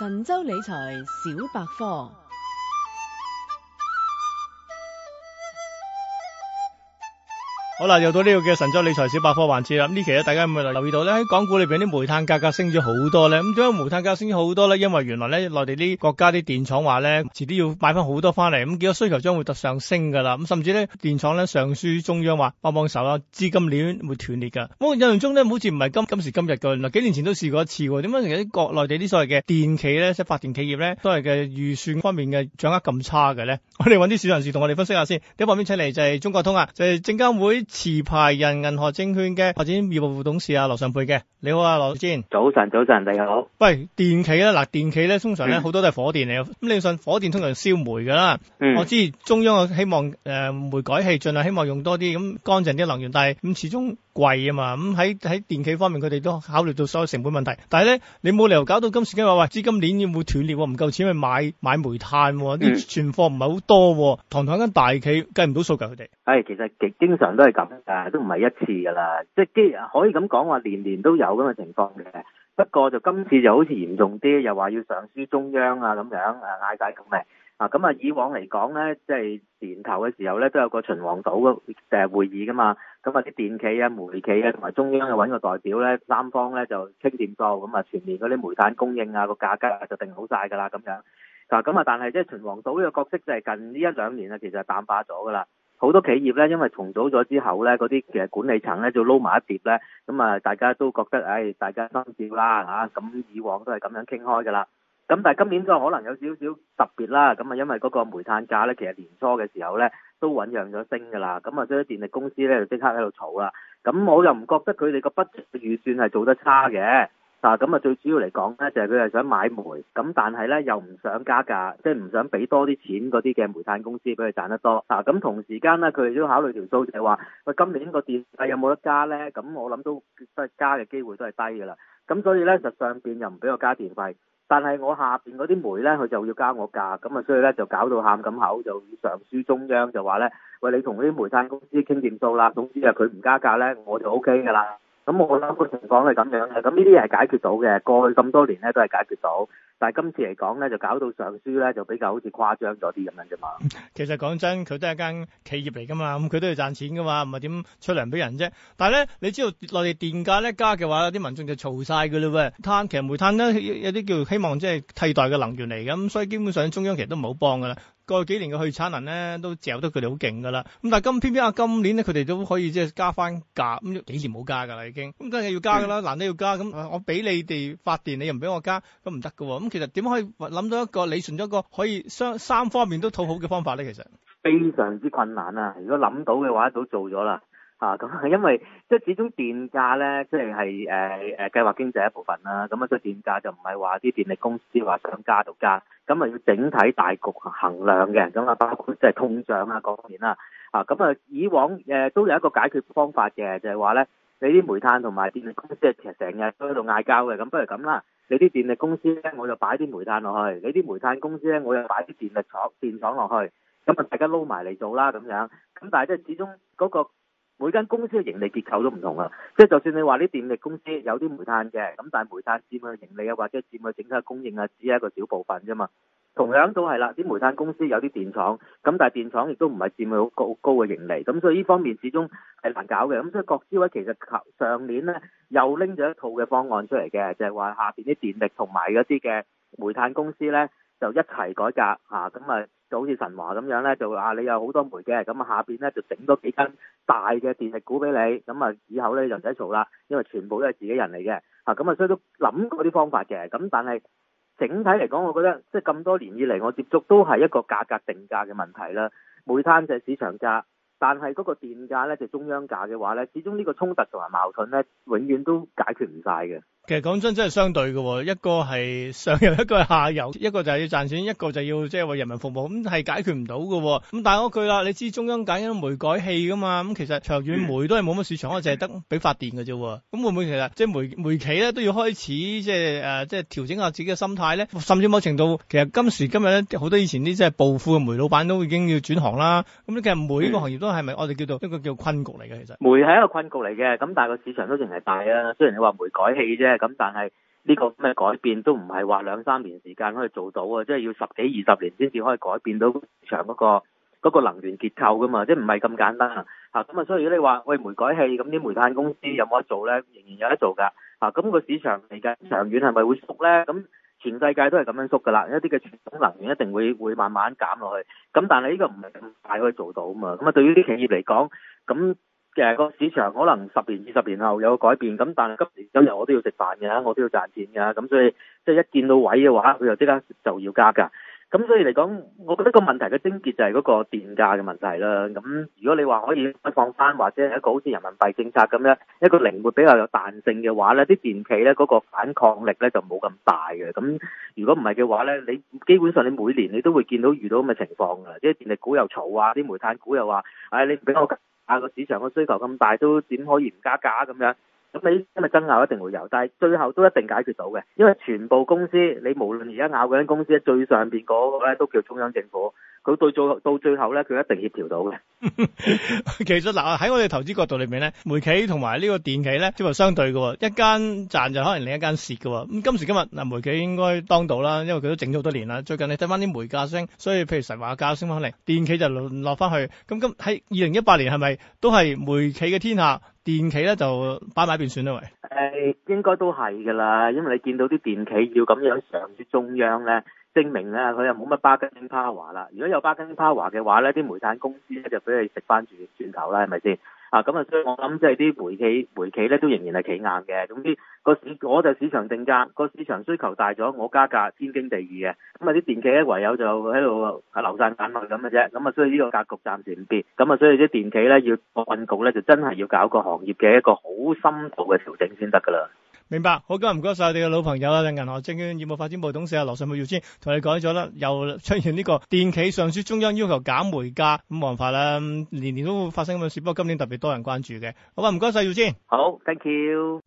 神州理財小百科。好啦，又到呢個嘅神州理財小百科環節啦。咁呢期咧，大家有冇留意到咧，喺港股裏邊啲煤炭價格升咗好多咧。咁點解煤炭價升咗好多咧？因為原來咧，內地啲國家啲電廠話咧，遲啲要買翻好多翻嚟，咁結果需求將會突上升噶啦。咁甚至咧，電廠咧上書中央話幫幫手呀，資金鏈會斷裂噶。我印象中咧，好似唔係今今時今日噶，嗱幾年前都試過一次。點解成日啲國內地啲所謂嘅電企咧、即係發電企業咧，所謂嘅預算方面嘅掌握咁差嘅咧？我哋揾啲專業人士同我哋分析下先。第一旁邊請嚟就係中國通啊，就係證監會。持牌人、銀河證券嘅發展業務副董事啊，羅尚沛嘅，你好啊，羅先。早晨，早晨，大家好。喂，電企咧，嗱，電企咧，通常咧好、嗯、多都係火電嚟，咁你信火電通常燒煤嘅啦。嗯、我知道中央啊希望誒煤改氣，盡量希望用多啲咁、嗯、乾淨啲能源，但係咁、嗯、始終貴啊嘛。咁喺喺電企方面，佢哋都考慮到所有成本問題。但係咧，你冇理由搞到今時今日，話資金鏈要會斷裂、啊，唔夠錢去買買煤炭、啊，啲存、嗯、貨唔係好多、啊，堂堂一間大企計唔到數㗎，佢哋。係，其實極經常都係咁都唔係一次噶啦，即係即係可以咁講話，年年都有咁嘅情況嘅。不過就今次就好似嚴重啲，又話要上書中央啊咁樣，誒嗌曬咁嚟啊。咁啊，啊，啊，以往嚟講咧，即係年頭嘅時候咧，都有個秦皇島嘅誒會議噶嘛。咁啊，啲電企啊、煤企啊同埋中央嘅搵個代表咧，三方咧就傾掂數，咁啊全年嗰啲煤炭供應啊個價格就定好晒噶啦咁樣。咁啊，但係即係秦皇島呢個角色就係近呢一兩年啊，其實淡化咗噶啦。好多企業咧，因為重組咗之後咧，嗰啲其實管理層咧就撈埋一疊咧，咁啊，大家都覺得，唉、哎，大家心照啦嚇，咁以往都係咁樣傾開噶啦，咁但係今年就可能有少少特別啦，咁啊，因為嗰個煤炭價咧，其實年初嘅時候咧都醞釀咗升噶啦，咁啊，所以電力公司咧就即刻喺度嘈啦，咁我又唔覺得佢哋個不預算係做得差嘅。嗱，咁啊最主要嚟講咧，就係佢係想買煤，咁但係咧又唔想加價，即係唔想俾多啲錢嗰啲嘅煤炭公司俾佢賺得多。嗱、啊，咁同時間咧，佢哋都考慮條數，就係話，喂，今年個電費有冇得加咧？咁我諗都係加嘅機會都係低㗎啦。咁所以咧，就上邊又唔俾我加電費，但係我下面嗰啲煤咧，佢就要加我價，咁啊，所以咧就搞到喊咁口，就上書中央就話咧，喂，你同啲煤炭公司傾掂數啦，總之啊，佢唔加價咧，我就 OK 㗎啦。咁我諗個情況係咁樣嘅，咁呢啲嘢係解決到嘅，過去咁多年咧都係解決到。但係今次嚟講咧，就搞到上書咧，就比較好似誇張咗啲咁樣啫嘛。其實講真，佢都係間企業嚟噶嘛，咁佢都要賺錢噶嘛，唔係點出糧俾人啫？但係咧，你知道內地電價咧加嘅話，啲民眾就嘈晒噶啦喎。碳其實煤炭咧有啲叫希望即係替代嘅能源嚟㗎，咁所以基本上中央其實都唔好幫㗎啦。過去幾年嘅去產能咧都嚼得佢哋好勁㗎啦。咁但係今偏偏啊，今年咧佢哋都可以即係加翻價，咁幾年冇加㗎啦已經，咁梗係要加㗎啦，嗯、難得要加，咁、嗯、我俾你哋發電，你又唔俾我加，咁唔得㗎喎。其實點可以諗到一個理順咗一個可以三三方面都討好嘅方法咧？其實非常之困難啊！如果諗到嘅話，都做咗啦啊！咁係因為即係始終電價咧，即係誒誒計劃經濟一部分啦。咁啊，所以電價就唔係話啲電力公司話想加就加，咁啊要整體大局衡量嘅。咁啊，包括即係通脹啊各方面啦啊。咁啊，啊，啊，以往誒、呃、都有一個解決方法嘅，就係話咧，你啲煤炭同埋電力公司係啊，其實成日都喺度嗌交嘅。咁不如咁啦。你啲電力公司咧，我就擺啲煤炭落去；你啲煤炭公司咧，我又擺啲電力廠、電廠落去。咁啊，大家撈埋嚟做啦，咁樣。咁但係即係始終嗰個每間公司嘅盈利結構都唔同啦。即係就算你話啲電力公司有啲煤炭嘅，咁但係煤炭佔佢盈利啊，或者佔佢整體供應啊，只係一個小部分啫嘛。同樣都係啦，啲煤炭公司有啲電廠，咁但係電廠亦都唔係佔佢好高高嘅盈利，咁所以呢方面始終係難搞嘅。咁所以國資委其實上年呢又拎咗一套嘅方案出嚟嘅，就係話下面啲電力同埋嗰啲嘅煤炭公司呢就一齊改革嚇，咁啊就好似神華咁樣呢，就啊你有好多煤嘅，咁啊下面呢就整多幾間大嘅電力股俾你，咁啊以後呢就唔使嘈啦，因為全部都係自己人嚟嘅嚇，咁啊所以都諗過啲方法嘅，咁但係。整體嚟講，我覺得即係咁多年以嚟，我接觸都係一個價格定價嘅問題啦。煤炭就係市場價，但係嗰個電價呢就是中央價嘅話呢，始終呢個衝突同埋矛盾呢，永遠都解決唔晒嘅。其實講真，真係相對嘅，一個係上游，一個係下游，一個就係要賺錢，一個就要即係為人民服務，咁係解決唔到嘅。咁但係我話你知，中央揀緊煤改氣噶嘛，咁其實長遠煤都係冇乜市場，我淨係得俾發電嘅啫。咁會唔會其實即係煤煤企咧都要開始即係誒，即係調整下自己嘅心態咧？甚至某程度，其實今時今日咧，好多以前啲即係暴富嘅煤老闆都已經要轉行啦。咁其實每個行業都係咪我哋叫做一個叫困局嚟嘅？其實煤係一個困局嚟嘅，咁但係個市場都仲係大啊。雖然你話煤改氣啫。咁但係呢個咩改變都唔係話兩三年時間可以做到啊，即係要十幾二十年先至可以改變到市場嗰個嗰個能源結構噶嘛，即係唔係咁簡單啊。吓咁啊，所以如果你話喂，煤改氣，咁啲煤炭公司有冇得做咧？仍然有得做噶。吓咁個市場未計長遠係咪會縮咧？咁全世界都係咁樣縮噶啦，一啲嘅傳統能源一定會會慢慢減落去。咁但係呢個唔係咁快可以做到啊嘛。咁啊，對於啲企業嚟講，咁。誒，個市場可能十年、二十年後有改變，咁但係今時今日我都要食飯嘅，我都要賺錢嘅，咁所以即係一見到位嘅話，佢就即刻就要加價。咁所以嚟講，我覺得個問題嘅症結就係嗰個電價嘅問題啦。咁如果你話可以開放翻，或者係一個好似人民幣政策咁樣，一個靈活比較有彈性嘅話呢，啲電企呢嗰個反抗力呢就冇咁大嘅。咁如果唔係嘅話呢，你基本上你每年你都會見到遇到咁嘅情況噶啦，即係電力股又嘈啊，啲煤炭股又話、哎，你俾我啊！個市場嘅需求咁大，都點可以唔加價咁樣？咁你今日爭拗一定會有，但係最後都一定解決到嘅，因為全部公司你無論而家拗嗰間公司咧，最上邊嗰個咧都叫中央政府，佢到最到最後咧，佢一定協調到嘅。其實嗱喺我哋投資角度裏邊咧，煤企同埋呢個電企咧，即係相對嘅，一間賺就可能另一間蝕嘅。咁今時今日嗱，煤企應該當道啦，因為佢都整咗好多年啦。最近你睇翻啲煤價升，所以譬如神華價升翻嚟，電企就淪落翻去。咁今喺二零一八年係咪都係煤企嘅天下？電企咧就擺擺邊算啦，喂！誒應該都係㗎啦，因為你見到啲電企要咁樣上書中央咧，證明咧佢又冇乜巴金 power 啦。如果有巴金 power 嘅話咧，啲煤炭公司咧就俾佢食翻住轉頭啦，係咪先？啊，咁啊，所以我諗即係啲煤企，煤企咧都仍然係企硬嘅。總之個市，我就市場定價，個市場需求大咗，我加價天經地義嘅。咁、嗯、啊，啲電企咧唯有就喺度流晒眼淚咁嘅啫。咁啊，所以呢個格局暫時唔變。咁啊，所以啲電企咧要運局咧就真係要搞個行業嘅一個好深度嘅調整先得噶啦。明白，好，今日唔該晒你嘅，老朋友啊，銀河證券業務發展部董事羅尚沛耀先同你講咗啦，又出現呢個電企上書中央要求減煤價，咁冇辦法啦，年、嗯、年都會發生咁嘅事，不過今年特別多人關注嘅。好啊，唔該晒耀先，好，thank you。